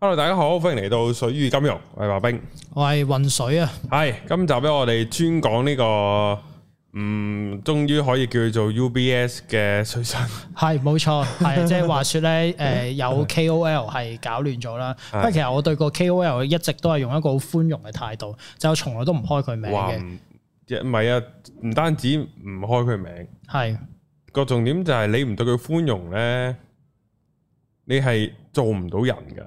hello，大家好，歡迎嚟到水與金融。我係白兵，我係渾水啊。係、hey, 今集俾我哋專講呢個，嗯，終於可以叫做 UBS 嘅水神。係冇錯，係 即係話說咧，誒、呃，有 KOL 係搞亂咗啦。不過 其實我對個 KOL 一直都係用一個好寬容嘅態度，就從、是、來都唔開佢名唔係啊，唔單止唔開佢名，係是個重點就係你唔對佢寬容咧，你係做唔到人噶。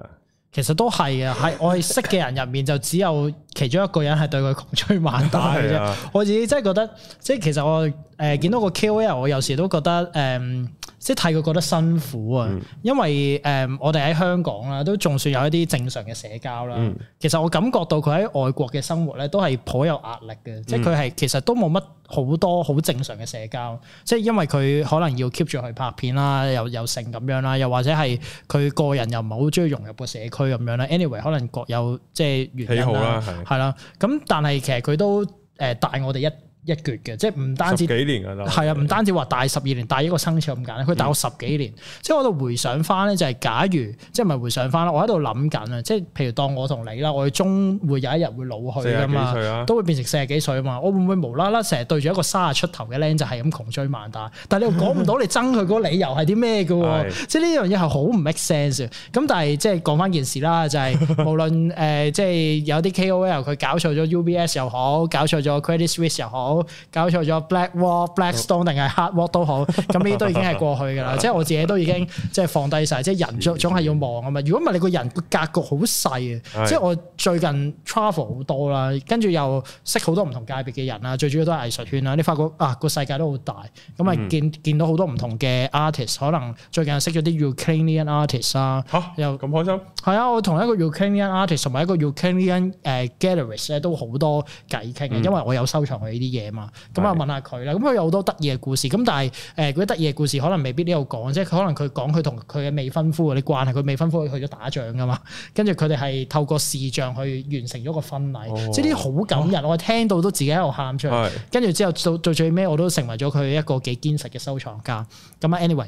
其實都係嘅，喺我係識嘅人入面就只有其中一個人係對佢狂吹猛打嘅啫。我自己真係覺得，即係其實我誒、呃、見到個 KOL，我有時都覺得誒。呃即係睇佢覺得辛苦啊，因為誒我哋喺香港啦，都仲算有一啲正常嘅社交啦。其實我感覺到佢喺外國嘅生活咧，都係頗有壓力嘅。即係佢係其實都冇乜好多好正常嘅社交，即係因為佢可能要 keep 住去拍片啦，又又剩咁樣啦，又或者係佢個人又唔係好中意融入個社區咁樣啦。anyway，可能各有即係喜好啦，係啦。咁但係其實佢都誒帶我哋一一橛嘅，即係唔單止幾年㗎喇，係啊，唔單止話大十二年，大的一個生肖咁簡單，佢、嗯、大我十幾年。 即係我度回想翻咧，就係、是、假如即係唔係回想翻啦，我喺度諗緊啊，即係譬如當我同你啦，我哋終會有一日會老去噶嘛，啊、都會變成四十幾歲啊嘛。我會唔會無啦啦成日對住一個三十出頭嘅僆仔係咁窮追猛打？但係你又講唔到你憎佢嗰個理由係啲咩嘅？ 即係呢樣嘢係好唔 make sense。咁但係即係講翻件事啦，就係、是、無論誒，即、就、係、是、有啲 KOL 佢搞錯咗 UBS 又好，搞錯咗 Credit Suisse 又好。好搞錯咗 black wall、black, War, black stone 定係黑 wall 都好，咁呢啲都已經係過去㗎啦。 即係我自己都已經即係放低晒，即係人總總係要望啊嘛。如果唔係你個人個格局好細啊， 即係我最近 travel 好多啦，跟住又識好多唔同界別嘅人啦。最主要都係藝術圈啦。你發覺啊個世界都好大，咁啊見、嗯、見到好多唔同嘅 artist，可能最近識咗啲 Ukrainian artist 啊，又咁開心。係啊，我同一個 Ukrainian artist 同埋一個 Ukrainian 誒、呃、gallery 咧、呃、都好多偈傾嘅，因為我有收藏佢呢啲嘢。嗯嘢嘛，咁啊、嗯嗯、問下佢啦，咁佢有好多得意嘅故事，咁但係誒嗰啲得意嘅故事可能未必呢度講啫，佢可能佢講佢同佢嘅未婚夫啊，你慣係佢未婚夫去咗打仗噶嘛，跟住佢哋係透過視像去完成咗個婚禮，哦、即係啲好感人，啊、我聽到都自己喺度喊出嚟，跟住之後到到最尾我都成為咗佢一個幾堅實嘅收藏家，咁、嗯、啊 anyway。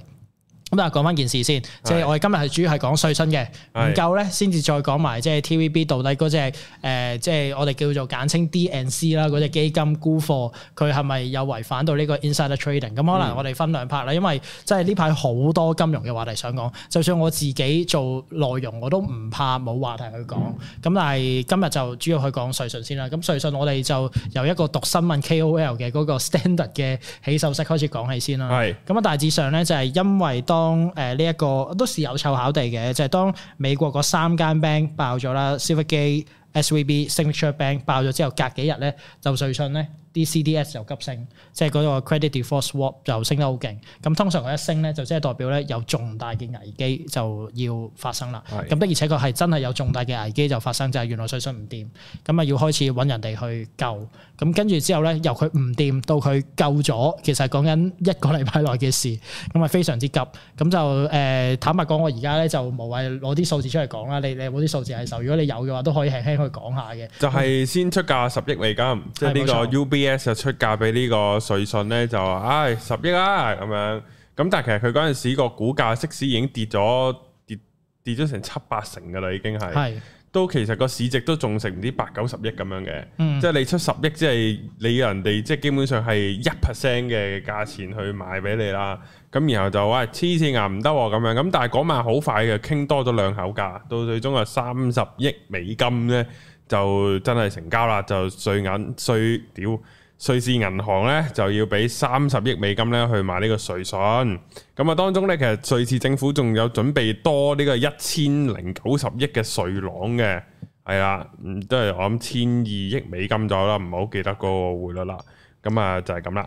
咁啊，講翻件事先，即係我哋今日係主要係講瑞信嘅，唔是的 夠咧先至再講埋即係 TVB 到底嗰隻誒，即係我哋叫做簡稱 DNC 啦，嗰隻基金沽貨，佢係咪有違反到呢個 insider trading？咁可能我哋分兩 part 啦，因為即係呢排好多金融嘅話題想講，就算我自己做內容我都唔怕冇話題去講。咁但係今日就主要去講瑞信先啦。咁瑞信我哋就由一個讀新聞 KOL 嘅嗰個 standard 嘅起手式開始講起先啦。係。咁啊，大致上咧就係、是、因為當當誒呢一個都是有湊巧地嘅，就係、是、當美國嗰三間 bank 爆咗啦 Silvergate S V B、Signature Bank 爆咗之後，隔幾日咧就瑞信咧？啲 CDS 又急升，即係嗰個 credit default swap 就升得好勁。咁通常佢一升咧，就即係代表咧有重大嘅危機就要發生啦。咁的而且確係真係有重大嘅危機就發生，就係原來瑞信唔掂，咁啊要開始揾人哋去救。咁跟住之後咧，由佢唔掂到佢救咗，其實講緊一個禮拜內嘅事，咁啊非常之急。咁就誒坦白講，我而家咧就無謂攞啲數字出嚟講啦。你你有冇啲數字喺手？如果你有嘅話，都可以輕輕去講下嘅。就係先出價十億嚟㗎，即係呢個 UB。就出價俾呢個瑞信咧，就唉、哎、十億啦咁樣。咁但係其實佢嗰陣時個股價，即使已經跌咗跌跌咗成七八成噶啦，已經係，是的 都其實個市值都仲成唔知八九十億咁樣嘅。嗯、即係你出十億，即係你人哋即係基本上係一 percent 嘅價錢去買俾你啦。咁然後就喂，黐線啊，唔得咁樣。咁但係嗰晚好快嘅，傾多咗兩口價，到最終係三十億美金咧，就真係成交啦！就瑞銀、瑞屌、瑞士銀行咧就要俾三十億美金咧去買呢個瑞信。咁啊，當中咧其實瑞士政府仲有準備多呢個一千零九十億嘅瑞郎嘅，係啊、嗯，都係我諗千二億美金左右啦，唔好記得嗰個匯率啦。咁啊，就係咁啦。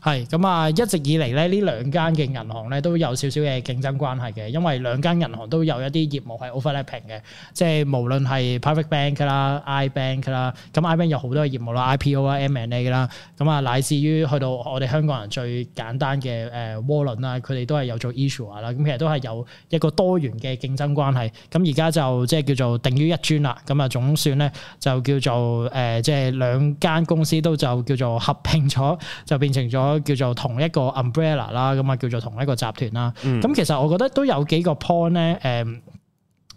係，咁啊，一直以嚟咧，呢兩間嘅銀行咧都有少少嘅競爭關係嘅，因為兩間銀行都有一啲業務係 overlapping 嘅，即係無論係 private bank 啦、i bank 啦，咁 i bank 有好多嘅業務啦，IPO 啦、M&A 啦，咁啊，乃至於去到我哋香港人最簡單嘅誒渦輪啦，佢、呃、哋都係有做 issuer 啦，咁其實都係有一個多元嘅競爭關係，咁而家就即係叫做定於一尊啦，咁啊，總算咧就叫做誒即係兩間公司都就叫做合併。變咗，就變成咗叫做同一個 umbrella 啦，咁啊叫做同一個集團啦。咁、嗯、其實我覺得都有幾個 point 咧，誒、呃，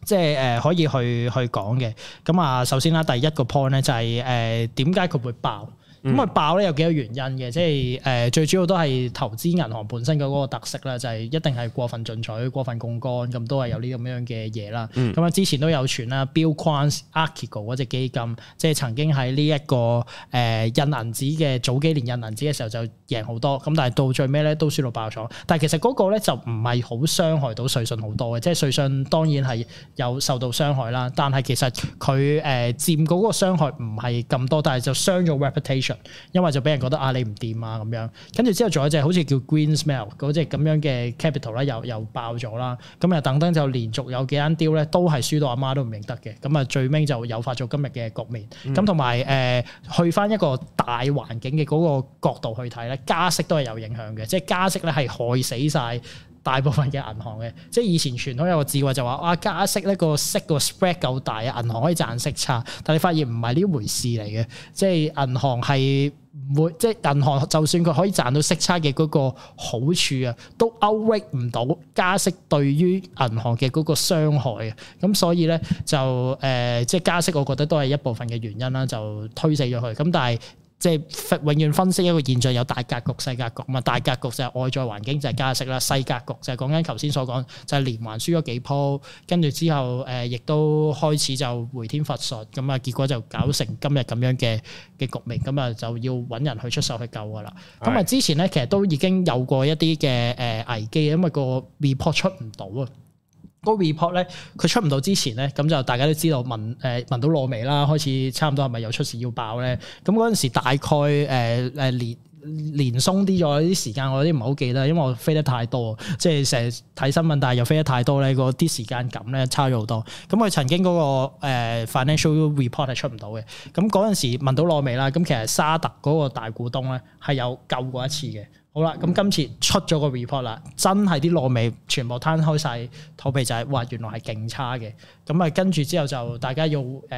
即係誒可以去去講嘅。咁啊，首先啦，第一個 point 咧就係誒點解佢會爆？咁啊爆咧有幾個原因嘅，即係誒、呃、最主要都係投資銀行本身嘅嗰個特色啦，就係、是、一定係過分進取、過分槓桿，咁都係有呢咁樣嘅嘢啦。咁啊、嗯、之前都有傳啦，Bill Quan Archegos 嗰隻基金，即係曾經喺呢一個誒、呃、印銀紙嘅早幾年印銀紙嘅時候就贏好多，咁但係到最尾咧都輸到爆咗。但係其實嗰個咧就唔係好傷害到瑞信好多嘅，即係瑞信當然係有受到傷害啦，但係其實佢誒、呃、佔嗰個傷害唔係咁多，但係就傷咗 reputation。因為就俾人覺得你啊，你唔掂啊咁樣，跟住之後仲有一隻好似叫 Greensill 嗰隻咁樣嘅 capital 咧又又爆咗啦，咁啊等等就連續有幾間 deal 咧都係輸到阿媽都唔認得嘅，咁啊最尾就誘發咗今日嘅局面。咁同埋誒去返一個大環境嘅嗰個角度去睇咧，加息都係有影響嘅，即係加息咧係害死晒。大部分嘅銀行嘅，即係以前傳統有個智慧就話，哇、啊、加息呢個息個 spread 夠大啊，銀行可以賺息差。但係你發現唔係呢回事嚟嘅，即係銀行係唔會，即係銀行就算佢可以賺到息差嘅嗰個好處啊，都 override 唔到加息對於銀行嘅嗰個傷害啊。咁所以咧就誒、呃，即係加息，我覺得都係一部分嘅原因啦，就推死咗佢。咁但係。即係永遠分析一個現象，有大格局、細格局。咁啊，大格局就係外在環境就係、是、加息啦，細格局就係講緊頭先所講，就係、是、連環輸咗幾鋪，跟住之後誒，亦都開始就回天乏術，咁啊，結果就搞成今日咁樣嘅嘅局面，咁啊就要揾人去出手去救噶啦。咁啊，之前咧其實都已經有過一啲嘅誒危機，因為個 report 出唔到啊。個 report 咧，佢出唔到之前咧，咁就大家都知道聞誒聞到燶味啦，開始差唔多係咪又出事要爆咧？咁嗰陣時大概誒誒、呃、連連鬆啲咗啲時間，我有啲唔係好記得，因為我飛得太多，即係成日睇新聞，但係又飛得太多咧，個啲時間感咧差咗好多。咁佢曾經嗰個誒 financial report 係出唔到嘅，咁嗰陣時聞到燶味啦。咁其實沙特嗰個大股東咧係有救過一次嘅。好啦，咁今次出咗個 report 啦，真係啲糯米全部攤開晒，肚皮就係，哇！原來係勁差嘅。咁啊跟住之後就大家要誒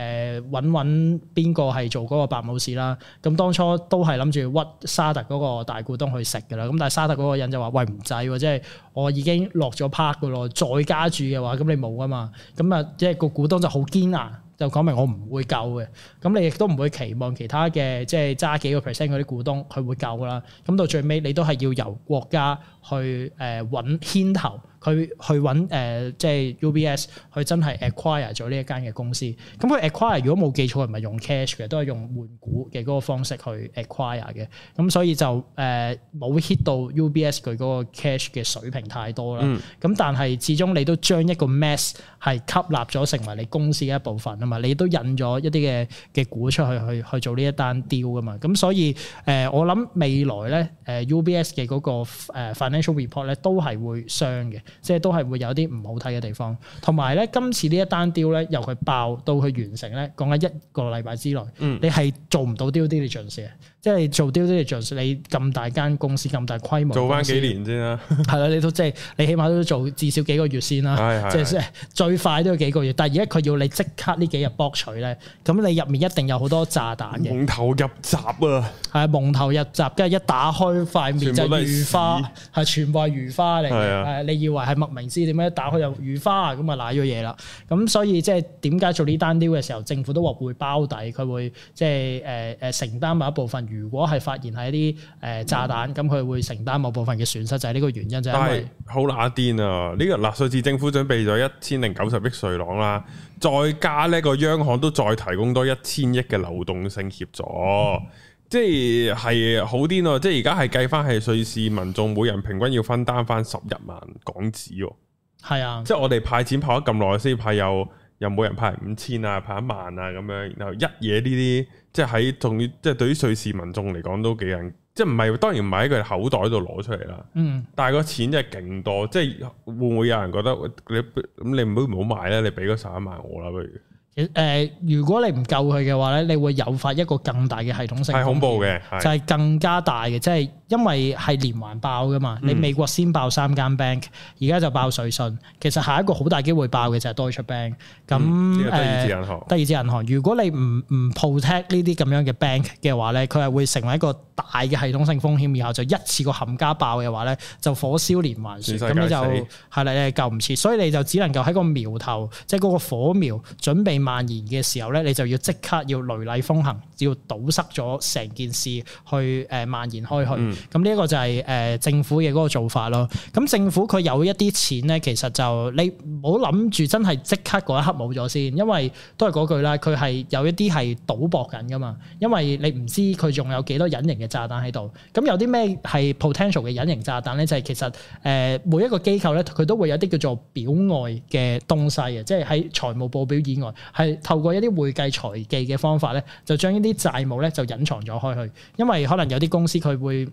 揾揾邊個係做嗰個白武士啦，咁、嗯、當初都係諗住屈沙特嗰個大股東去食噶啦，咁、嗯、但係沙特嗰個人就話：喂唔制喎，即係、就是、我已經落咗 part 噶咯，再加住嘅話，咁你冇噶嘛，咁啊即係個股東就好艱難。就講明我唔會救嘅，咁你亦都唔會期望其他嘅，即係揸幾個 percent 嗰啲股東佢會救啦。咁到最尾，你都係要由國家去誒揾、呃、牽頭。佢去揾誒、呃，即係 UBS，去真係 acquire 咗呢一間嘅公司。咁佢 acquire 如果冇記錯，唔係用 cash 嘅，都係用換股嘅嗰個方式去 acquire 嘅。咁所以就誒冇、呃、hit 到 UBS 佢嗰個 cash 嘅水平太多啦。咁、嗯、但係始終你都將一個 mess 係吸納咗成為你公司嘅一部分啊嘛，你都引咗一啲嘅嘅股出去去去做呢一單 deal 噶嘛。咁所以誒、呃，我諗未來咧誒、呃、UBS 嘅嗰個 financial report 咧都係會傷嘅。即係都係會有啲唔好睇嘅地方，同埋咧今次呢一單雕 e 咧由佢爆到佢完成咧，講緊一個禮拜之內，嗯、你係做唔到雕啲你 d i l 即係做 deal 你咁大間公司咁大規模，做翻幾年先啦。係啦、啊，你都即係你起碼都做至少幾個月先啦。係係。即係最快都要幾個月，但係而家佢要你即刻呢幾日剝取咧，咁你入面一定有好多炸彈嘅。蒙頭入閘啊！係蒙頭入閘，跟住一打開塊面就 be 魚花，係全部係魚花嚟。你以為係莫名之點樣一打開就魚花啊？咁啊瀨咗嘢啦。咁所以即係點解做呢單 deal 嘅時候，政府都話會包底，佢會即係誒誒承擔某一部分。如果係發現係一啲誒炸彈，咁佢、嗯、會承擔某部分嘅損失，就係、是、呢個原因啫。但係好乸癲啊！呢、這個瑞士政府準備咗一千零九十億瑞郎啦，再加呢個央行都再提供多一千億嘅流動性協助，嗯、即係係好癲啊！即係而家係計翻係瑞士民眾每人平均要分擔翻十一萬港紙喎。係啊，即係我哋派錢派咗咁耐先派有。又冇人派五千啊，派一萬啊咁樣，然後一嘢呢啲，即係喺，仲要即係對於瑞士民眾嚟講都幾人，即係唔係當然唔係喺佢口袋度攞出嚟啦，嗯，但係個錢真係勁多，即係會唔會有人覺得你咁你唔好唔好買咧？你俾個十一萬我啦，不如。誒，如果你唔救佢嘅話咧，你會誘發一個更大嘅系統性，係恐怖嘅，就係更加大嘅，即係因為係連環爆噶嘛。嗯、你美國先爆三間 bank，而家就爆瑞信，其實下一個好大機會爆嘅就係 Deutsche Bank。咁德意志銀行，德意志銀行。如果你唔唔 protect 呢啲咁樣嘅 bank 嘅話咧，佢係會成為一個大嘅系統性風險以，然後就一次過冚家爆嘅話咧，就火燒連環船，咁世你就係啦死，你係救唔切，所以你就只能夠喺個苗頭，即係嗰個火苗準備蔓延嘅時候咧，你就要即刻要雷厲風行，要堵塞咗成件事去誒蔓延開去。咁呢一個就係、是、誒、呃、政府嘅嗰個做法咯。咁政府佢有一啲錢咧，其實就你唔好諗住真係即刻嗰一刻冇咗先，因為都係嗰句啦，佢係有一啲係賭博緊㗎嘛。因為你唔知佢仲有幾多隱形嘅炸彈喺度。咁有啲咩係 potential 嘅隱形炸彈咧？就係、是、其實誒、呃、每一個機構咧，佢都會有啲叫做表外嘅東西嘅，即係喺財務報表以外。係透過一啲會計財技嘅方法咧，就將呢啲債務咧就隱藏咗開去，因為可能有啲公司佢會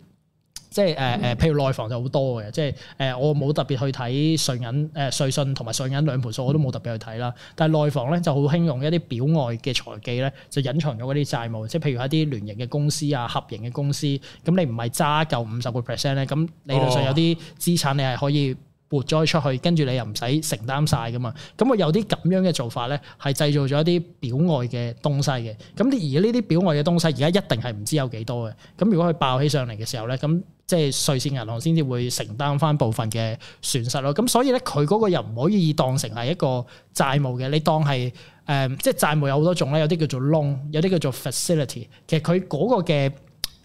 即係誒誒，譬如內房就好多嘅，即係誒、呃、我冇特別去睇瑞銀誒、呃、瑞信同埋瑞銀兩盤數，我都冇特別去睇啦。但係內房咧就好興用一啲表外嘅財技咧，就隱藏咗嗰啲債務，即係譬如一啲聯營嘅公司啊、合營嘅公司，咁你唔係揸夠五十個 percent 咧，咁理論上有啲資產你係可以。撥咗出去，跟住你又唔使承擔晒噶嘛？咁我有啲咁樣嘅做法咧，係製造咗一啲表外嘅東西嘅。咁啲而呢啲表外嘅東西，而家一定係唔知有幾多嘅。咁如果佢爆起上嚟嘅時候咧，咁即係瑞士銀行先至會承擔翻部分嘅損失咯。咁所以咧，佢嗰個又唔可以當成係一個債務嘅。你當係誒、呃，即係債務有好多種咧，有啲叫做 loan，有啲叫做 facility。其實佢嗰個嘅。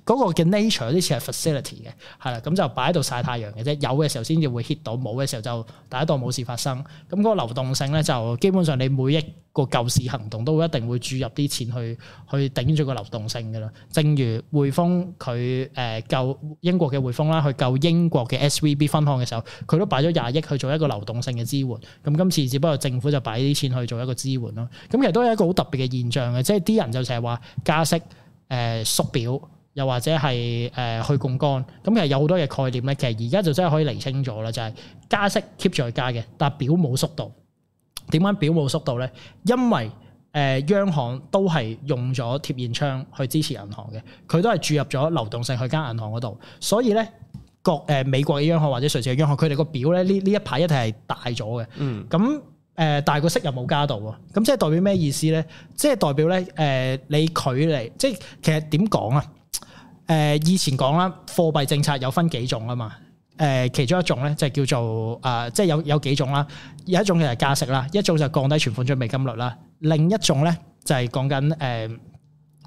嗰個嘅 nature 啲似係 facility 嘅，係啦，咁就擺喺度曬太陽嘅啫。有嘅時候先至會 hit 到，冇嘅時候就大家當冇事發生。咁嗰個流動性咧，就基本上你每一個救市行動都一定會注入啲錢去去頂住個流動性嘅啦。正如匯豐佢誒、呃、救英國嘅匯豐啦，去救英國嘅 S V B 分行嘅時候，佢都擺咗廿億去做一個流動性嘅支援。咁今次只不過政府就擺啲錢去做一個支援咯。咁其實都係一個好特別嘅現象嘅，即係啲人就成日話加息誒、呃、縮表。又或者係誒、呃、去槓桿，咁其實有好多嘅概念咧。其實而家就真係可以釐清咗啦，就係、是、加息 keep 住去加嘅，但係表冇縮度。點解表冇縮度咧？因為誒、呃、央行都係用咗貼現窗去支持銀行嘅，佢都係注入咗流動性去加銀行嗰度。所以咧，國、呃、誒美國嘅央行或者瑞士嘅央行，佢哋個表咧呢呢一排一定係大咗嘅。嗯。咁、呃、誒，但係個息又冇加到喎。咁即係代表咩意思咧？即係代表咧誒、呃，你距離即係其實點講啊？誒以前講啦，貨幣政策有分幾種啊嘛，誒其中一種咧就叫做誒，即、呃、係、就是、有有幾種啦，有一種就係加息啦，一種就,一種就降低存款準備金率啦，另一種咧就係講緊誒。呃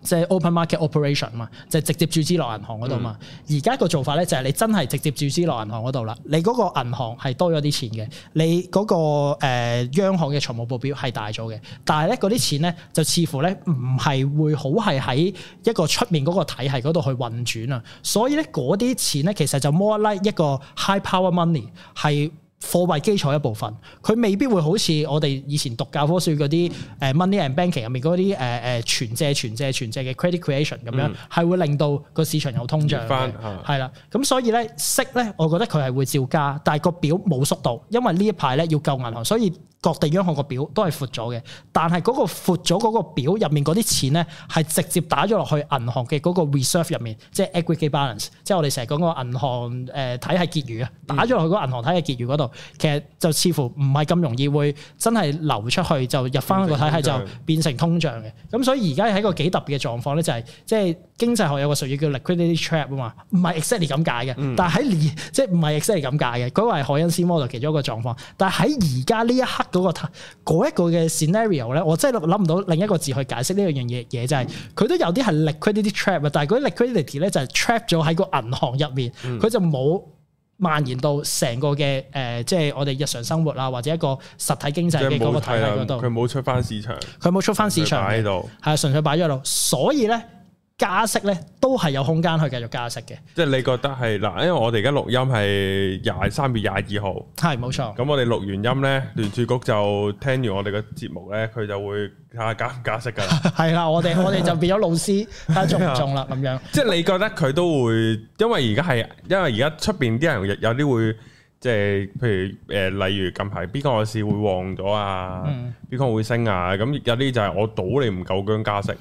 即係 open market operation 嘛，即係直接注資落銀行嗰度嘛。而家個做法咧就係你真係直接注資落銀行嗰度啦。你嗰個銀行係多咗啲錢嘅，你嗰個、呃、央行嘅財務報表係大咗嘅。但係咧嗰啲錢咧就似乎咧唔係會好係喺一個出面嗰個體系嗰度去運轉啊。所以咧嗰啲錢咧其實就 more like 一個 high power money 係。貨幣基礎一部分，佢未必會好似我哋以前讀教科書嗰啲誒 money and banking 入面嗰啲誒誒存借存借存借嘅 credit creation 咁樣，係、嗯、會令到個市場有通脹。係啦、嗯，咁所以咧息咧，我覺得佢係會照加，但係個表冇縮到，因為呢一排咧要救銀行，所以各地央行個表都係闊咗嘅。但係嗰個闊咗嗰個表入面嗰啲錢咧，係直接打咗落去銀行嘅嗰個 reserve 入面，即係 aggregate balance，即係我哋成日講個銀行誒體系結餘啊，打咗落去嗰個銀行體系結餘度。嗯其實就似乎唔係咁容易會真係流出去就入翻個體系就變成通脹嘅，咁所以而家喺個幾特別嘅狀況咧，就係、是、即係經濟學有個術語叫 liquidity trap 啊嘛，唔係 exactly 咁解嘅，嗯、但係喺即係唔係 exactly 咁解嘅，佢話係凱恩斯 model 其中一個狀況，但係喺而家呢一刻嗰、那個嗰一個嘅 scenario 咧，我真係諗唔到另一個字去解釋呢樣嘢嘢就係、是、佢都有啲係 liquidity trap 啊，但係嗰啲 liquidity 咧就係 trap 咗喺個銀行入面，佢就冇，蔓延到成個嘅誒，即、呃、係、就是、我哋日常生活啊，或者一個實體經濟嘅嗰個體系嗰度，佢冇出翻市場，佢冇出翻市場擺喺度，係純粹擺咗喺度，所以咧。加息咧，都係有空間去繼續加息嘅。即係你覺得係嗱，因為我哋而家錄音係廿三月廿二號，係冇錯。咁我哋錄完音咧，聯儲局就聽完我哋嘅節目咧，佢就會睇下加唔加息㗎。係啦，我哋我哋就變咗老師睇中唔中啦咁樣。即係你覺得佢都會，因為而家係因為而家出面啲人有啲會，即係譬如誒，例如近排邊個市會旺咗啊，邊個會升啊？咁有啲就係我賭你唔夠姜加息。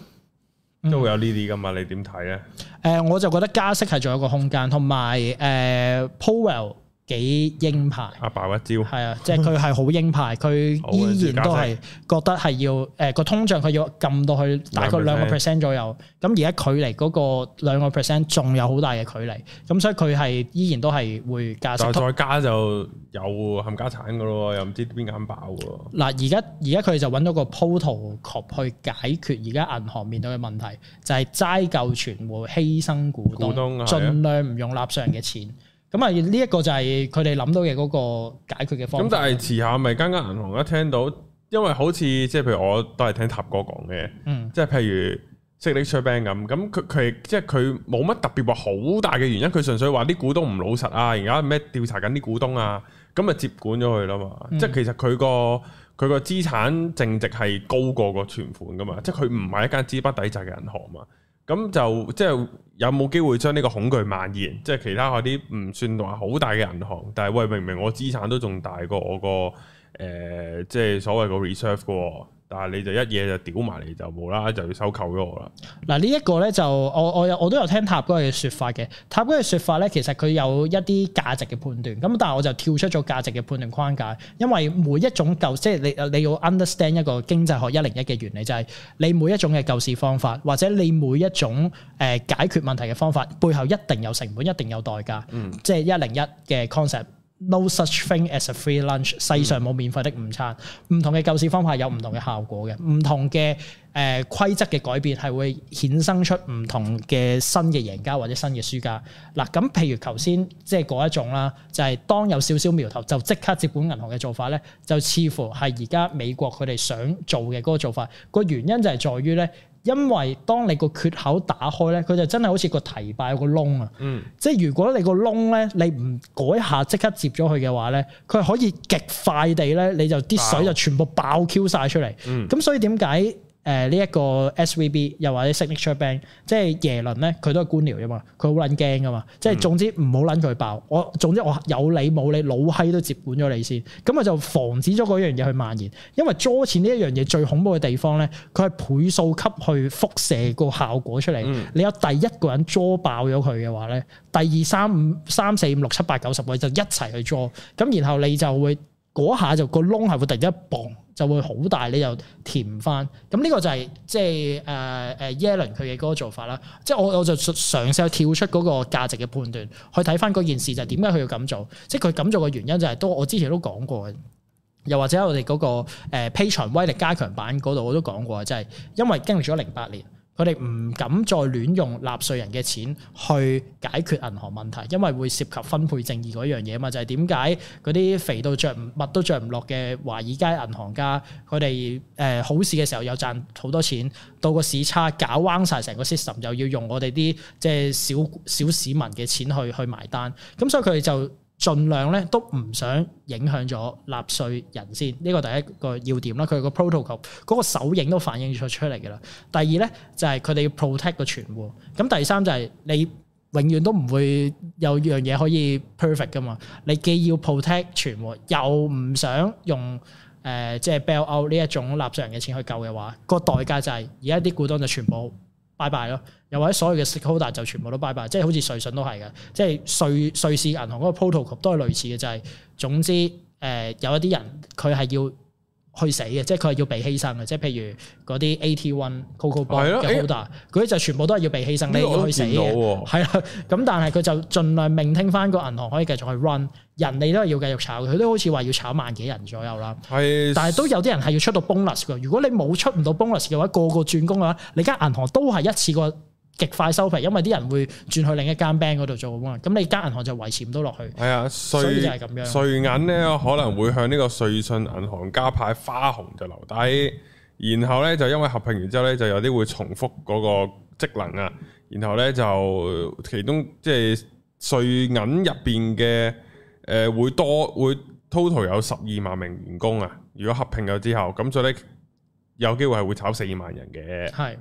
都會有呢啲噶嘛？你點睇咧？誒、呃，我就覺得加息係仲有個空間，同埋誒、呃、Powell 幾鷹派，阿爸，爸一招，係啊，即係佢係好鷹派，佢 依然都係覺得係要，誒、呃、個通脹佢要撳到去大概兩個 percent 左右，咁而家距離嗰個兩個 percent 仲有好大嘅距離，咁所以佢係依然都係會加息。 但再加就有冚家鏟噶咯，又唔知邊間爆噶咯。嗱，而家而家佢就搵到個 protocol 去解決而家銀行面對嘅問題，就係齋救存款犧牲股東，盡量唔用納稅人嘅錢。咁啊，呢一個就係佢哋諗到嘅嗰個解決嘅方法。咁但係遲下咪間間銀行一聽到，因為好似即係譬如我都係聽塔哥講嘅，即係、嗯、譬如悉尼超 bank 咁，咁佢佢即係佢冇乜特別話好大嘅原因，佢純粹話啲股東唔老實啊，而家咩調查緊啲股東啊，咁啊接管咗佢啦嘛。嗯、即係其實佢個佢個資產淨值係高過個存款噶嘛，即係佢唔係一間資不抵債嘅銀行嘛。咁就即係有冇機會將呢個恐懼蔓延？即係其他嗰啲唔算話好大嘅銀行，但係喂，明明我資產都仲大過我個誒、呃，即係所謂個 reserve 嘅喎、哦。但係你就一嘢就屌埋你就冇啦，就要收購咗我啦。嗱呢一個咧就我我有我都有聽塔哥嘅説法嘅，塔哥嘅説法咧其實佢有一啲價值嘅判斷。咁但係我就跳出咗價值嘅判斷框架，因為每一種救即係你你要 understand 一個經濟學一零一嘅原理，就係、是、你每一種嘅救市方法或者你每一種誒解決問題嘅方法，背後一定有成本，一定有代價。嗯即，即係一零一嘅 concept。No such thing as a free lunch，世上冇免費的午餐。唔、嗯、同嘅救市方法有唔同嘅效果嘅，唔、嗯、同嘅誒、呃、規則嘅改變係會衍生出唔同嘅新嘅贏家或者新嘅輸家。嗱、啊，咁譬如頭先即係嗰一種啦，就係、是、當有少少苗頭就即刻接管銀行嘅做法咧，就似乎係而家美國佢哋想做嘅嗰個做法。個原因就係在於咧。因為當你個缺口打開咧，佢就真係好似個堤壩個窿啊！嗯，即係如果你個窿咧，你唔改一下即刻接咗佢嘅話咧，佢可以極快地咧，你就啲水就全部爆 Q 晒出嚟。嗯爆，咁所以點解？誒呢一個 S V B 又或者 Signature Bank，即係耶倫咧，佢都係官僚啫嘛，佢好撚驚噶嘛，即係總之唔好撚佢爆。我總之我有你冇你，老閪都接管咗你先，咁啊就防止咗嗰樣嘢去蔓延。因為捉錢呢一樣嘢最恐怖嘅地方咧，佢係倍數級去輻射個效果出嚟。你有第一個人捉爆咗佢嘅話咧，第二三五三四五六七八九十個就一齊去捉，咁然後你就會。嗰下就個窿係會突然一磅，就會好大，你就填翻。咁呢個就係即係誒誒耶倫佢嘅嗰個做法啦。即係我我就嘗試去跳出嗰個價值嘅判斷，去睇翻嗰件事就係點解佢要咁做。即係佢咁做嘅原因就係，都我之前都講過嘅，又或者我哋嗰個誒 Patreon 威力加強版嗰度我都講過，就係因為經歷咗零八年。佢哋唔敢再亂用納稅人嘅錢去解決銀行問題，因為會涉及分配正義嗰樣嘢嘛。就係點解嗰啲肥到着唔乜都着唔落嘅華爾街銀行家，佢哋誒好市嘅時候又賺好多錢，到個市差搞彎晒成個 system，又要用我哋啲即係小小市民嘅錢去去埋單。咁所以佢哋就。儘量咧都唔想影響咗納稅人先，呢、這個第一個要點啦。佢個 protocol 嗰個手影都反映咗出嚟嘅啦。第二咧就係佢哋要 protect 個存活。咁第三就係你永遠都唔會有樣嘢可以 perfect 噶嘛。你既要 protect 存活，又唔想用誒即、呃、係、就是、bailout 呢一種納稅人嘅錢去救嘅話，個代價就係而家啲股東就全部。拜拜咯，又或者所有嘅 stakeholder 就全部都拜拜，即係好似瑞信都係嘅，即係瑞瑞士銀行嗰個 protocol 都係類似嘅，就係、是、總之誒、呃，有一啲人佢係要。去死嘅，即係佢係要被犧牲嘅，即係譬如嗰啲 AT1、CoCo Bond 嘅 Holder，嗰啲就全部都係要被犧牲，你要去死嘅。係啦，咁但係佢就盡量命聽翻個銀行可以繼續去 run，人哋都係要繼續炒，佢都好似話要炒萬幾人左右啦。係的，但係都有啲人係要出到 bonus 嘅。如果你冇出唔到 bonus 嘅話，個個轉工嘅話，你間銀行都係一次過。極快收皮，因為啲人會轉去另一間 bank 嗰度做啊嘛，咁你間銀行就維持唔到落去。係啊、哎，所以就係咁樣。瑞銀咧、嗯、可能會向呢個瑞信銀行加派花紅就留低。嗯、然後咧就因為合併完之後咧就有啲會重複嗰個職能啊，然後咧就其中即係瑞銀入邊嘅誒會多會 total 有十二萬名員工啊，如果合併咗之後，咁所以咧有機會係會炒四萬人嘅。係。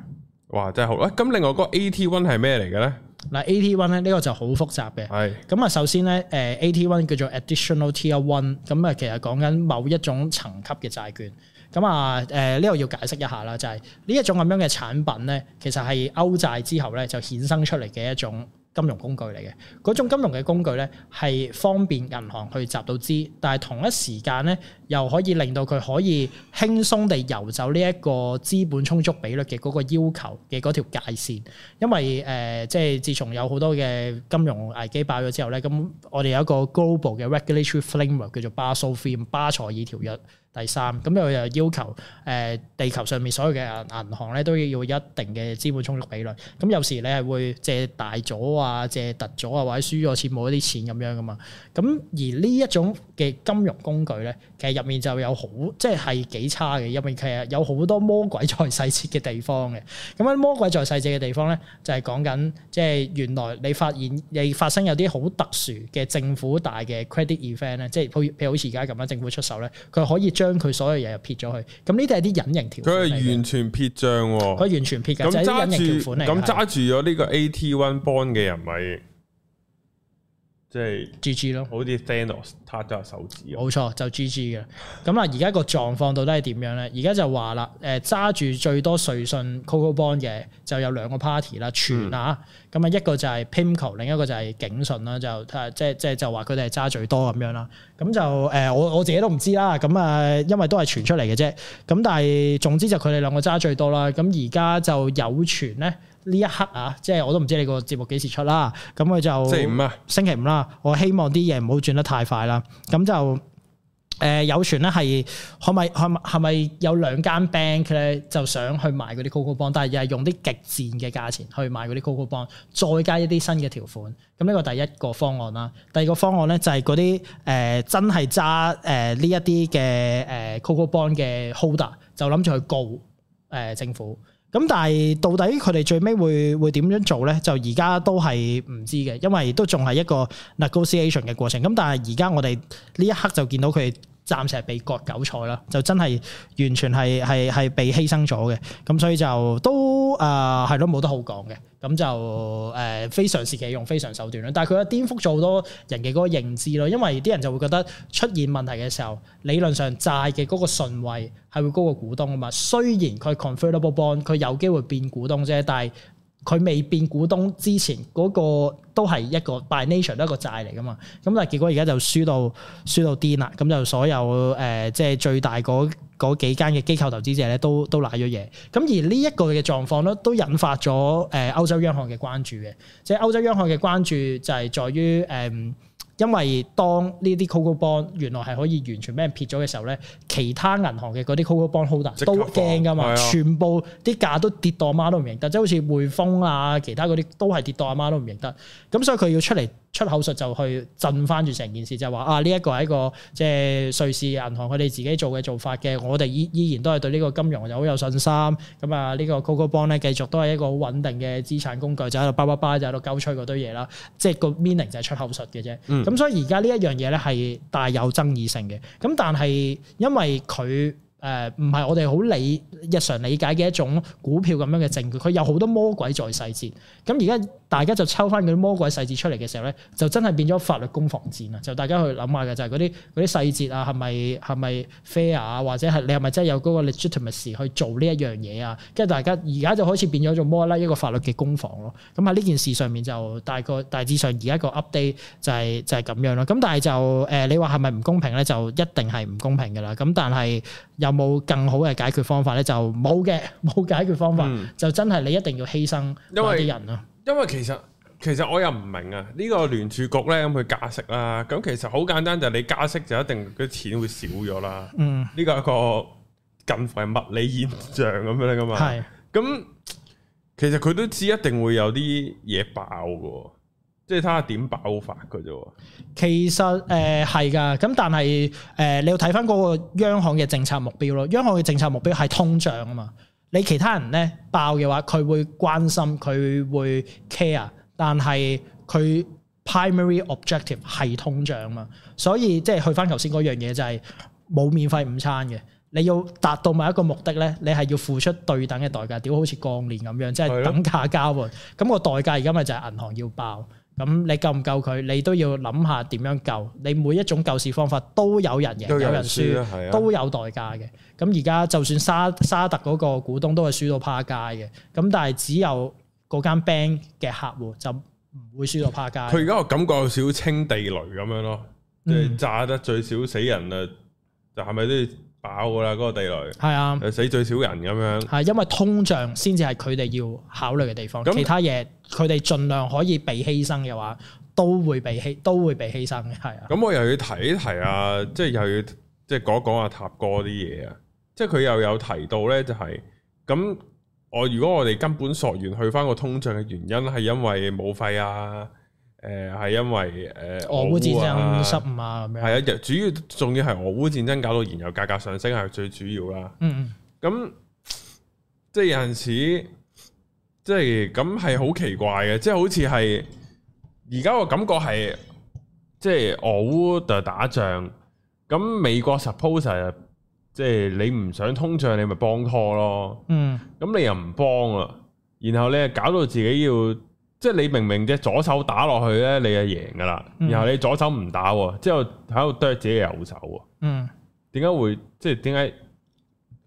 哇，真係好啊！咁另外嗰個 AT One 係咩嚟嘅咧？嗱，AT One 咧呢個就好複雜嘅。係咁啊，首先咧，誒，AT One 叫做 Additional Tier One，咁啊，其實講緊某一種層級嘅債券。咁啊，誒，呢個要解釋一下啦，就係呢一種咁樣嘅產品咧，其實係歐債之後咧就衍生出嚟嘅一種。金融工具嚟嘅。嗰種金融嘅工具咧，係方便銀行去集到資，但係同一時間咧，又可以令到佢可以輕鬆地遊走呢一個資本充足比率嘅嗰個要求嘅嗰條界線，因為誒，即係自從有好多嘅金融危機爆咗之後咧，咁我哋有一個 global 嘅 regulatory framework 叫做巴蘇協巴塞爾條約。第三，咁佢又要求誒、呃、地球上面所有嘅銀行咧都要有一定嘅資本充足比率，咁有時你係會借大咗啊，借突咗啊，或者輸咗錢冇一啲錢咁樣噶嘛，咁而呢一種嘅金融工具咧。其實入面就有好，即係幾差嘅。入面其實有好多魔鬼在細節嘅地方嘅。咁樣魔鬼在細節嘅地方咧，就係講緊即係原來你發現你發生有啲好特殊嘅政府大嘅 credit event 咧，即係譬如好似而家咁樣，政府出手咧，佢可以將佢所有嘢入撇咗去。咁呢啲係啲隱形條款。佢係完全撇帳喎、啊。佢完全撇嘅、啊，即係隱形條款嚟。咁揸住咗呢個 AT One Bond 嘅人咪。嗯即係 G G 咯，了好似 Thanos 攤咗手指，冇錯，就 G G 嘅。咁啊，而家個狀況到底係點樣咧？而家 就話啦，誒揸住最多瑞信 Coco Bond 嘅就有兩個 party 啦，傳啊，咁啊、嗯、一個就係 Pimco，另一個就係景順啦，就誒即即就話佢哋係揸最多咁樣啦。咁就誒、呃、我我自己都唔知啦。咁啊，因為都係傳出嚟嘅啫。咁但係總之就佢哋兩個揸最多啦。咁而家就有傳咧。呢一刻啊，即係我都唔知你個節目幾時出啦。咁佢就星期五啦。星期五啦，我希望啲嘢唔好轉得太快啦。咁就誒、呃、有傳咧，係可咪可咪係咪有兩間 bank 咧，就想去買嗰啲 coco bond，但係又係用啲極賤嘅價錢去買嗰啲 coco bond，再加一啲新嘅條款。咁呢個第一個方案啦。第二個方案咧就係嗰啲誒真係揸誒呢一啲嘅誒 coco bond 嘅 holder 就諗住去告誒、呃、政府。咁但係到底佢哋最尾會會點樣做咧？就而家都係唔知嘅，因為都仲係一個 negotiation 嘅過程。咁但係而家我哋呢一刻就見到佢哋。暫時係被割韭菜啦，就真係完全係係係被犧牲咗嘅，咁所以就都啊係咯冇得好講嘅，咁就誒非常時期用非常手段啦，但係佢又顛覆咗好多人嘅嗰個認知咯，因為啲人就會覺得出現問題嘅時候，理論上債嘅嗰個順位係會高過股東㗎嘛，雖然佢 convertible bond 佢有機會變股東啫，但係。佢未變股東之前嗰個都係一個 by nature 都一個債嚟㗎嘛，咁但係結果而家就輸到輸到癲啦，咁就所有誒即係最大嗰嗰幾間嘅機構投資者咧都都瀨咗嘢，咁而呢一個嘅狀況咧都引發咗誒、呃、歐洲央行嘅關注嘅，即係歐洲央行嘅關注就係在於誒。呃因為當呢啲 CoCo bond 原來係可以完全俾人撇咗嘅時候咧，其他銀行嘅嗰啲 CoCo bond holder 都驚㗎嘛，的全部啲價都跌到阿媽都唔認得，即係好似匯豐啊，其他嗰啲都係跌到阿媽都唔認得，咁所以佢要出嚟。出口術就去震翻住成件事，就話、是、啊呢、這個、一個係一個即係瑞士銀行佢哋自己做嘅做法嘅，我哋依依然都係對呢個金融又好有信心。咁、這、啊、個、呢個 CoCo bond 咧繼續都係一個好穩定嘅資產工具，就喺度叭叭叭，就喺度鳩吹嗰堆嘢啦。即係個 meaning 就係出口術嘅啫。咁、嗯、所以而家呢一樣嘢咧係大有爭議性嘅。咁但係因為佢誒唔係我哋好理日常理解嘅一種股票咁樣嘅證券，佢有好多魔鬼在細節。咁而家。大家就抽翻嗰啲魔鬼細節出嚟嘅時候咧，就真係變咗法律攻防戰啊！就大家去諗下嘅就係嗰啲嗰啲細節啊，係咪係咪 fair 啊？或者係你係咪真係有嗰個 legitimacy 去做呢一樣嘢啊？跟住大家而家就開始變咗做 more like 一個法律嘅攻防咯。咁喺呢件事上面就大概大致上而家個 update 就係、是、就係、是、咁樣咯。咁但係就誒、呃，你話係咪唔公平咧？就一定係唔公平噶啦。咁但係有冇更好嘅解決方法咧？就冇嘅，冇解決方法、嗯、就真係你一定要犧牲嗰啲人咯。因為其實其實我又唔明啊，這個、聯呢個聯儲局咧，咁佢加息啦，咁其實好簡單，就你加息就一定啲錢會少咗啦。嗯，呢個一個近乎係物理現象咁樣噶嘛。係是，咁其實佢都知一定會有啲嘢爆嘅，即係睇下點爆發嘅啫。其實誒係噶，咁、呃、但係誒、呃、你要睇翻嗰個央行嘅政策目標咯，央行嘅政策目標係通脹啊嘛。你其他人咧爆嘅話，佢會關心，佢會 care，但係佢 primary objective 係通脹啊嘛，所以即係、就是、去翻頭先嗰樣嘢就係、是、冇免費午餐嘅，你要達到某一個目的咧，你係要付出對等嘅代價，吊好似鋼鏈咁樣，即係等價交換，咁是的 個代價而家咪就係銀行要爆。咁你救唔救佢，你都要諗下點樣救。你每一種救市方法都有人贏，有人輸，都有代價嘅。咁而家就算沙沙特嗰個股東都係輸到趴街嘅，咁但係只有嗰間 bank 嘅客戶就唔會輸到趴街。佢而家我感覺有少少清地雷咁樣咯，即係炸得最少死人啊！就係咪都？爆噶啦嗰個地雷，係啊，死最少人咁樣。係因為通脹先至係佢哋要考慮嘅地方，咁、嗯、其他嘢佢哋盡量可以被犧牲嘅話，都會被犧都會被犧牲嘅，係啊。咁我又要提一提啊，嗯、即係又要即係講一講啊，塔哥啲嘢啊，即係佢又有提到咧、就是，就係咁。我如果我哋根本索完去翻個通脹嘅原因，係因為武肺啊。誒，係、呃、因為誒、呃、俄烏戰爭失誤啊，咁樣，係啊，主要仲要係俄烏戰爭搞到燃油價格上升係最主要啦。嗯，咁即係有陣時，即係咁係好奇怪嘅，即係好似係而家個感覺係，即係俄烏就打仗，咁美國 suppose 即係、就是、你唔想通脹，你咪幫拖咯。嗯，咁你又唔幫啊，然後咧搞到自己要。即係你明明嘅，左手打落去咧，你就贏噶啦。嗯、然後你左手唔打喎，之後喺度剁自己右手喎。嗯，點解會？即係點解？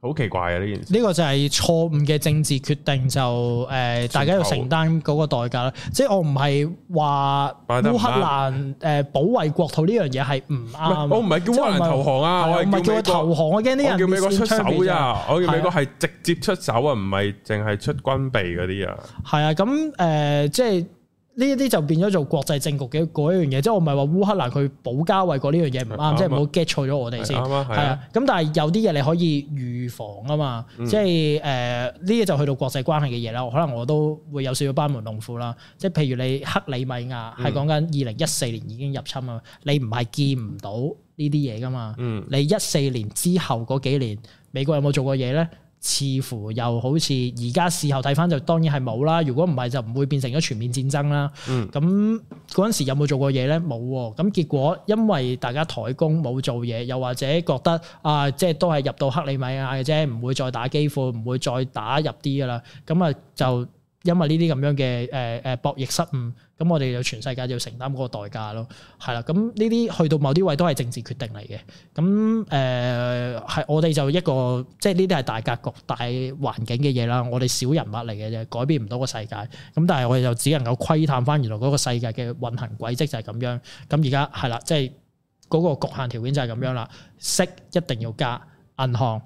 好奇怪啊！呢件事呢個就係錯誤嘅政治決定，就誒，呃、了大家要承擔嗰個代價啦。即係我唔係話烏克蘭誒保衛國土呢樣嘢係唔啱。我唔係叫烏克蘭投降啊，對我唔係叫佢投降啊，我驚啲人。我叫美國出手咋、啊啊，我叫美國係直接出手啊，唔係淨係出軍備嗰啲啊。係啊，咁誒、呃，即係。呢一啲就變咗做國際政局嘅嗰一樣嘢，即我唔係話烏克蘭佢保家衛國呢樣嘢唔啱，吧即唔好 get 錯咗我哋先，係啊。咁但係有啲嘢你可以預防啊嘛，嗯、即係誒呢啲就去到國際關係嘅嘢啦。可能我都會有少少班門弄斧啦。即譬如你克里米亞係講緊二零一四年已經入侵啊，嗯、你唔係見唔到呢啲嘢噶嘛？嗯、你一四年之後嗰幾年美國有冇做過嘢咧？似乎又好似而家事後睇翻就當然係冇啦，如果唔係就唔會變成咗全面戰爭啦。咁嗰陣時有冇做過嘢咧？冇喎、啊。咁結果因為大家台工冇做嘢，又或者覺得啊，即係都係入到克里米亞嘅啫，唔會再打機庫，唔會再打入啲噶啦。咁啊就。嗯因為呢啲咁樣嘅誒誒博弈失誤，咁我哋就全世界就要承擔嗰個代價咯，係啦。咁呢啲去到某啲位都係政治決定嚟嘅。咁誒係我哋就一個，即係呢啲係大格局、大環境嘅嘢啦。我哋小人物嚟嘅啫，改變唔到個世界。咁但係我哋就只能夠窺探翻原來嗰個世界嘅運行軌跡就係咁樣。咁而家係啦，即係嗰個侷限條件就係咁樣啦。息一定要加，銀行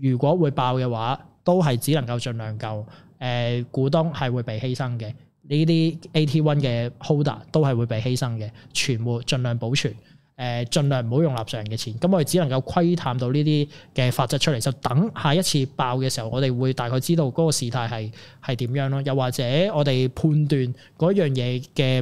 如果會爆嘅話，都係只能夠儘量救。誒、呃、股東係會被犧牲嘅，呢啲 AT1 嘅 holder 都係會被犧牲嘅，全部盡量保存，誒、呃、盡量唔好用納稅人嘅錢。咁我哋只能夠窺探到呢啲嘅法則出嚟，就等下一次爆嘅時候，我哋會大概知道嗰個事態係係點樣咯。又或者我哋判斷嗰樣嘢嘅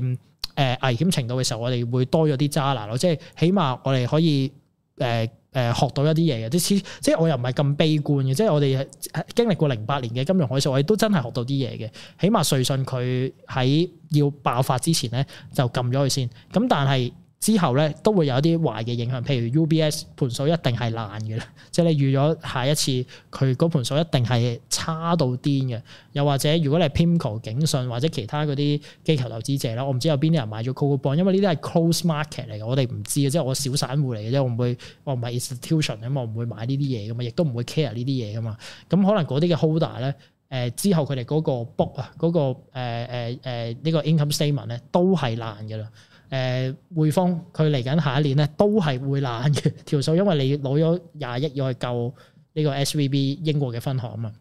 誒危險程度嘅時候，我哋會多咗啲渣拿咯，即係起碼我哋可以誒。呃誒學到一啲嘢嘅，即係即係我又唔係咁悲觀嘅，即係我哋經歷過零八年嘅金融海嘯，我哋都真係學到啲嘢嘅。起碼瑞信佢喺要爆發之前咧就撳咗佢先。咁但係。之後咧都會有一啲壞嘅影響，譬如 UBS 盤數一定係爛嘅，即係你預咗下一次佢嗰盤數一定係差到癲嘅。又或者如果你係 Pimco、警信或者其他嗰啲機構投資者啦，我唔知有邊啲人買咗 CoCo Bond 因為呢啲係 close market 嚟嘅，我哋唔知嘅，即係我小散戶嚟嘅啫，我唔會，我唔係 institution，我唔會買呢啲嘢噶嘛，亦都唔會 care 呢啲嘢噶嘛。咁可能嗰啲嘅 holder 咧，誒之後佢哋嗰個 book 啊、嗰個，嗰、嗰個誒誒呢個 income statement 咧都係爛嘅啦。誒匯、呃、豐佢嚟緊下一年咧，都係會爛嘅條數，因為你攞咗廿億要去救呢個 S V B 英國嘅分行嘛。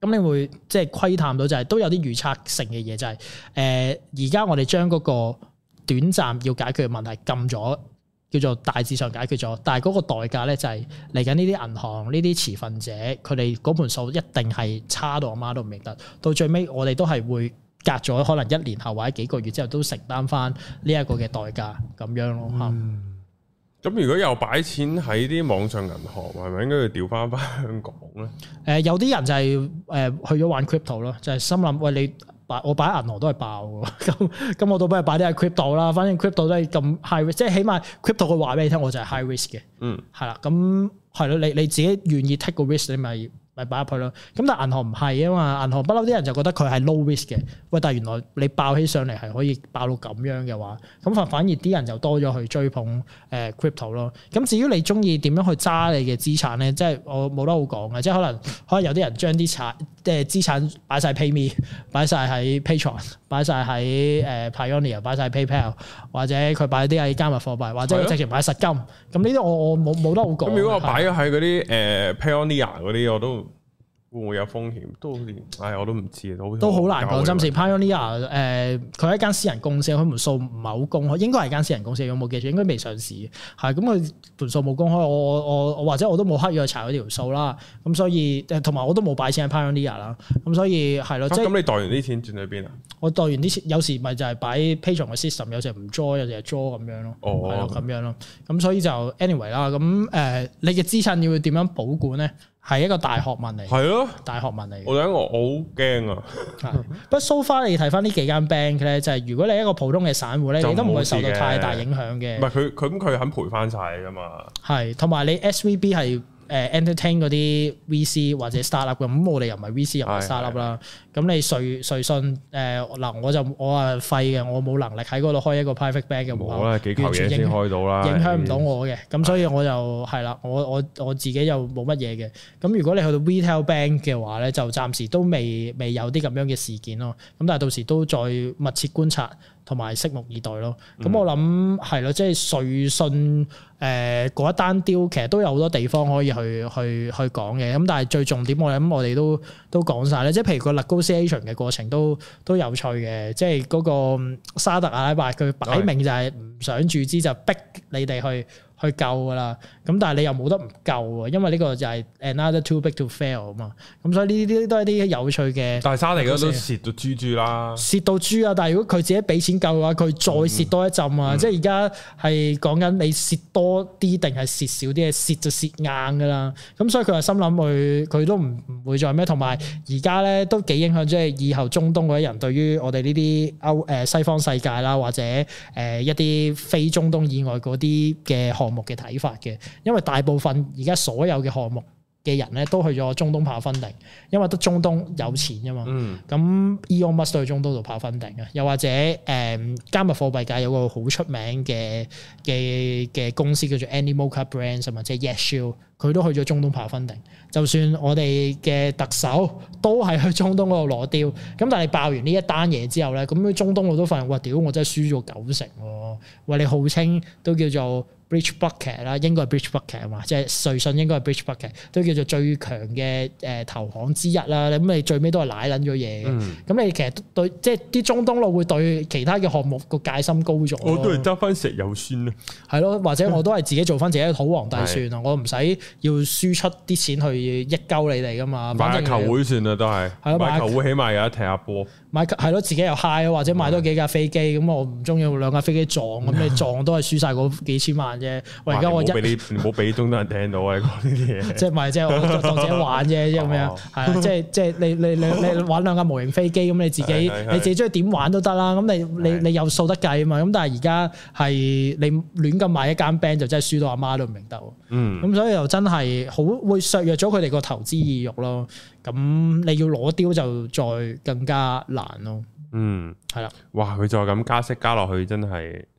咁你會即係窺探到就係、是、都有啲預測性嘅嘢、就是，就係誒而家我哋將嗰個短暫要解決嘅問題禁咗，叫做大致上解決咗，但係嗰個代價咧就係嚟緊呢啲銀行呢啲持份者，佢哋嗰盤數一定係差到阿媽都唔認得。到最尾我哋都係會。隔咗可能一年後或者幾個月之後都承擔翻呢一個嘅代價咁樣咯，吓、嗯。咁如果又擺錢喺啲網上銀行，係咪應該要調翻翻香港咧？誒、呃，有啲人就係、是、誒、呃、去咗玩 crypto 咯，就係心諗喂，你擺我擺喺銀行都係爆喎，咁 咁、嗯 嗯、我倒不如擺啲喺 crypto 啦。反正 crypto 都係咁 high risk，即係起碼 crypto 佢話俾你聽，我就係 high risk 嘅。嗯，係啦，咁係咯，你你自己願意 take 個 risk，你咪。咪擺入去咯，咁但係銀行唔係啊嘛，銀行不嬲啲人就覺得佢係 low risk 嘅，喂！但係原來你爆起上嚟係可以爆到咁樣嘅話，咁反反而啲人就多咗去追捧誒 crypto 咯。咁至於你鍾意點樣去揸你嘅資產咧，即係我冇得好講嘅，即係可能可能有啲人將啲產即係資產擺晒 PayMe，擺晒喺 Patreon，擺晒喺誒 Pioneer，擺晒 PayPal，或者佢擺啲喺加密貨幣，或者佢直情擺實金。咁呢啲我我冇冇得好講。咁如果我擺喺嗰啲誒 Pioneer 嗰啲我都。會唔會有風險？都好似，唉，我都唔知都好難講。暫時 Pioneer 誒、呃，佢係一間私人公司，佢盤數唔係好公開，應該係間私人公司，我冇記住，應該未上市。係咁佢盤數冇公開，我我我，我或者我都冇刻意去查嗰條數啦。咁所以誒，同埋我都冇擺錢喺 Pioneer 啦。咁所以係咯，嗯啊嗯、即係咁你代完啲錢轉去邊啊？我代完啲錢，有時咪就係擺 Patreon 嘅 system，有時唔 join，有時 join 咁樣咯。哦，咁樣咯。咁、嗯嗯、所以就，所以就 anyway 啦。咁誒，你嘅資產要點樣保管咧？係一個大學問嚟，嘅、啊，係咯大學問嚟。嘅。我真我好驚啊是！不過 ，so far 你睇翻呢幾間 bank 咧，就係、是、如果你一個普通嘅散戶咧，你都唔會受到太大影響嘅。唔係佢佢咁佢肯賠翻晒噶嘛？係，同埋你 S V B 係。誒 entertain 嗰啲 VC 或者 startup 咁、嗯嗯、我哋又唔係 VC 又唔係 startup 啦。咁、哎、你瑞瑞信誒嗱、呃，我就我啊廢嘅，我冇能力喺嗰度開一個 private bank 嘅戶口。我咧幾嚿嘢先開到啦，影響唔到我嘅。咁、嗯、所以我就係啦，我我我自己又冇乜嘢嘅。咁、哎、如果你去到 retail bank 嘅話咧，就暫時都未未有啲咁樣嘅事件咯。咁但係到時都再密切觀察。同埋拭目以待咯，咁、嗯、我諗係咯，即係瑞信誒嗰、呃、一單 deal，其實都有好多地方可以去去去講嘅，咁但係最重點我諗我哋都都講晒咧，即係譬如個 negotiation 嘅過程都都有趣嘅，即係嗰個沙特阿拉伯佢擺明就係唔想注資對就逼你哋去。去救噶啦，咁但係你又冇得唔救啊？因為呢個就係 another too big to fail 啊嘛，咁所以呢啲都係啲有趣嘅。大沙嚟嘅都蝕到豬豬啦，蝕到豬啊！但係如果佢自己俾錢救嘅話，佢再蝕多一陣啊！嗯嗯、即係而家係講緊你蝕多啲定係蝕少啲啊？蝕就蝕硬噶啦，咁所以佢心諗佢佢都唔唔會再咩？同埋而家咧都幾影響，即係以後中東嗰啲人對於我哋呢啲歐誒、呃、西方世界啦，或者誒一啲非中東以外嗰啲嘅項目嘅睇法嘅，因為大部分而家所有嘅項目嘅人咧，都去咗中東跑分定，因為得中東有錢啫嘛。咁、嗯、Elon Musk 都去中東度跑分定啊，又或者誒、嗯、加密貨幣界有個好出名嘅嘅嘅公司叫做 Animoca Brands 啊，即係 Yat Siu，佢都去咗中東跑分定。就算我哋嘅特首都係去中東嗰度攞刁，咁但係爆完呢一單嘢之後咧，咁中東我都發現，哇，屌，我真係輸咗九成喎！啊！喂你號稱都叫做。bulge bracket 啦，bracket，應該係 bulge bracket 係嘛？即係瑞信應該係 bulge bracket，都叫做最強嘅誒投行之一啦。咁你最尾都係舐撚咗嘢，咁、嗯、你其實對即係啲中東路會對其他嘅項目個戒心高咗。我都係得翻石油先啦，係咯，或者我都係自己做翻自己個土皇帝算啦， 的我唔使要輸出啲錢去益鳩你哋噶嘛。反正買球會算啦，都係。係咯了，買球會起碼有得踢下波。買係咯，自己又 high，或者買多幾架飛機，咁、嗯、我唔中意兩架飛機撞咁，你撞都係輸晒嗰幾千萬。 喂！而家、啊、我，我一唔好俾中多人聽到啊！講呢啲嘢，即係唔係即係我作者玩啫，即係咁樣？係即係即係你你你你玩兩架模型飛機，咁你自己 你自己中意點玩都得啦。咁你你你有數得計啊嘛。咁但係而家係你亂咁買一間 band 就真係輸到阿媽，媽都唔明得。嗯。咁所以又真係好會削弱咗佢哋個投資意欲咯。咁你要攞刁就再更加難咯。嗯，係啦的。哇！佢再咁加息加落去，真係～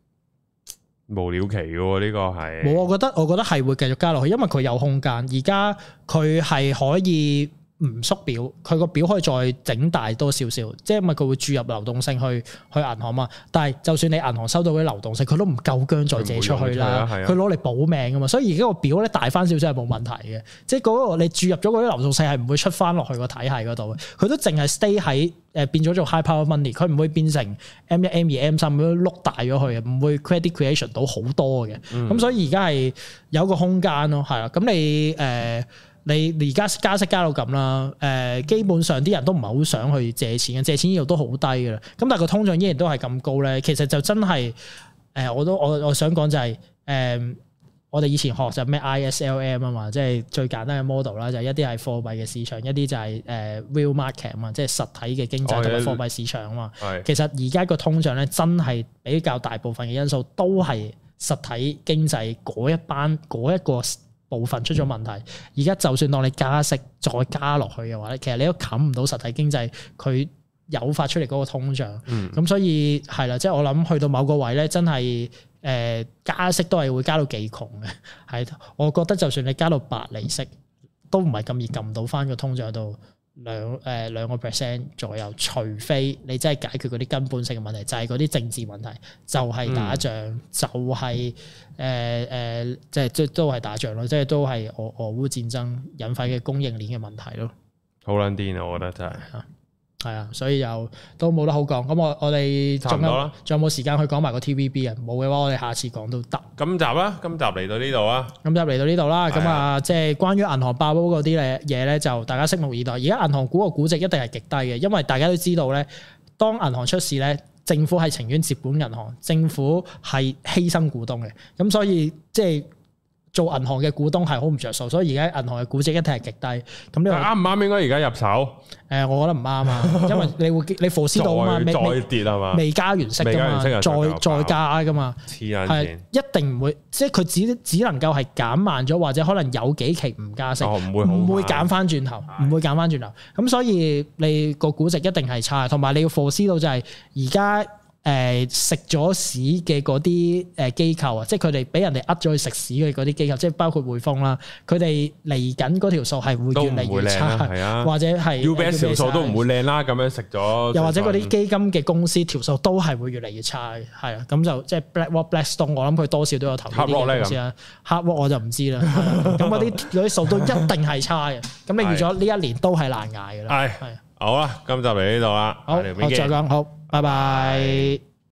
無了期嘅喎，呢個係。冇，我覺得，我覺得係會繼續加落去，因為佢有空間。而家佢係可以。唔縮表，佢個表可以再整大多少少，即係因為佢會注入流動性去去銀行嘛。但係就算你銀行收到啲流動性，佢都唔夠薑再借出去啦。佢攞嚟保命噶嘛，所以而家個表咧大翻少少係冇問題嘅。即係嗰、嗰個你注入咗嗰啲流動性係唔會出翻落去個體系嗰度，佢都淨係 stay 喺誒變咗做 high power money，佢唔會變成 M 一 M 二 M 三咁樣碌大咗去，唔會 credit creation 到好多嘅。咁、嗯、所以而家係有個空間咯，係啦。咁你誒。呃你而家加息加到咁啦，誒、呃、基本上啲人都唔係好想去借錢，嘅，借錢度都好低嘅啦。咁但係個通脹依然都係咁高咧，其實就真係誒、呃，我都我我想講就係、是、誒、呃，我哋以前學就咩 ISLM 啊嘛，即係最簡單嘅 model 啦，就是、一啲係貨幣嘅市場，一啲就係、是、誒、呃、real market 啊嘛，即係實體嘅經濟同埋貨幣市場啊嘛。Okay. 其實而家個通脹咧，真係比較大部分嘅因素都係實體經濟嗰一班嗰一個。部分出咗問題，而家就算當你加息再加落去嘅話咧，其實你都冚唔到實體經濟佢誘發出嚟嗰個通脹。咁、嗯、所以係啦，即係我諗去到某個位咧，真係誒、呃、加息都係會加到幾窮嘅。係，我覺得就算你加到八釐息，都唔係咁易撳到翻個通脹度。兩誒兩個 percent 左右，除非你真係解決嗰啲根本性嘅問題，就係嗰啲政治問題，就係、是、打，打仗，就係誒誒，即係都都係打仗咯，即係都係俄俄烏戰爭引發嘅供應鏈嘅問題咯。好撚癲啊，我覺得真係。嗯係啊，所以又都冇得好講。咁我我哋差唔多啦，仲有冇時間去講埋個 TVB 啊？冇嘅話，我哋下次講都得。今集啦，今集嚟到呢度啊。今集嚟到呢度啦。咁啊，即係的關於銀行爆煲嗰啲嘅嘢咧，就大家拭目以待。而家銀行股個估值一定係極低嘅，因為大家都知道咧，當銀行出事咧，政府係情願接管銀行，政府係犧牲股東嘅。咁所以即係。就是做銀行嘅股東係好唔着數，所以而家銀行嘅估值一定係極低。咁你、呢個啱唔啱？應該而家入手？誒、呃，我覺得唔啱啊， 因為你會你 foresight 到嘛？再跌啊嘛？未加完息㗎嘛？再再加㗎嘛？係一定唔會，即係佢只只能夠係減慢咗，或者可能有幾期唔加息。唔、哦、會唔會減翻轉頭，唔的會減翻轉頭。咁所以你個估值一定係差，同埋你要 foresight 到就係而家。誒，食咗屎嘅嗰啲誒機構啊，即係佢哋俾人哋呃咗去食屎嘅嗰啲機構，即係包括匯豐啦，佢哋嚟緊嗰條數係會越嚟越差，或者係 UBS 條數都唔會靚啦。咁樣食咗，又或者嗰啲基金嘅公司條數都係會越嚟越差，係啊，咁就即係 BlackRock、Blackstone，我諗佢多少都有投資啲公司啊。BlackRock 我就唔知啦，咁嗰啲嗰啲數都一定係差嘅。咁你預咗呢一年都係難捱噶啦。係係好啦，今集嚟呢度啦。好，我再講好。拜拜。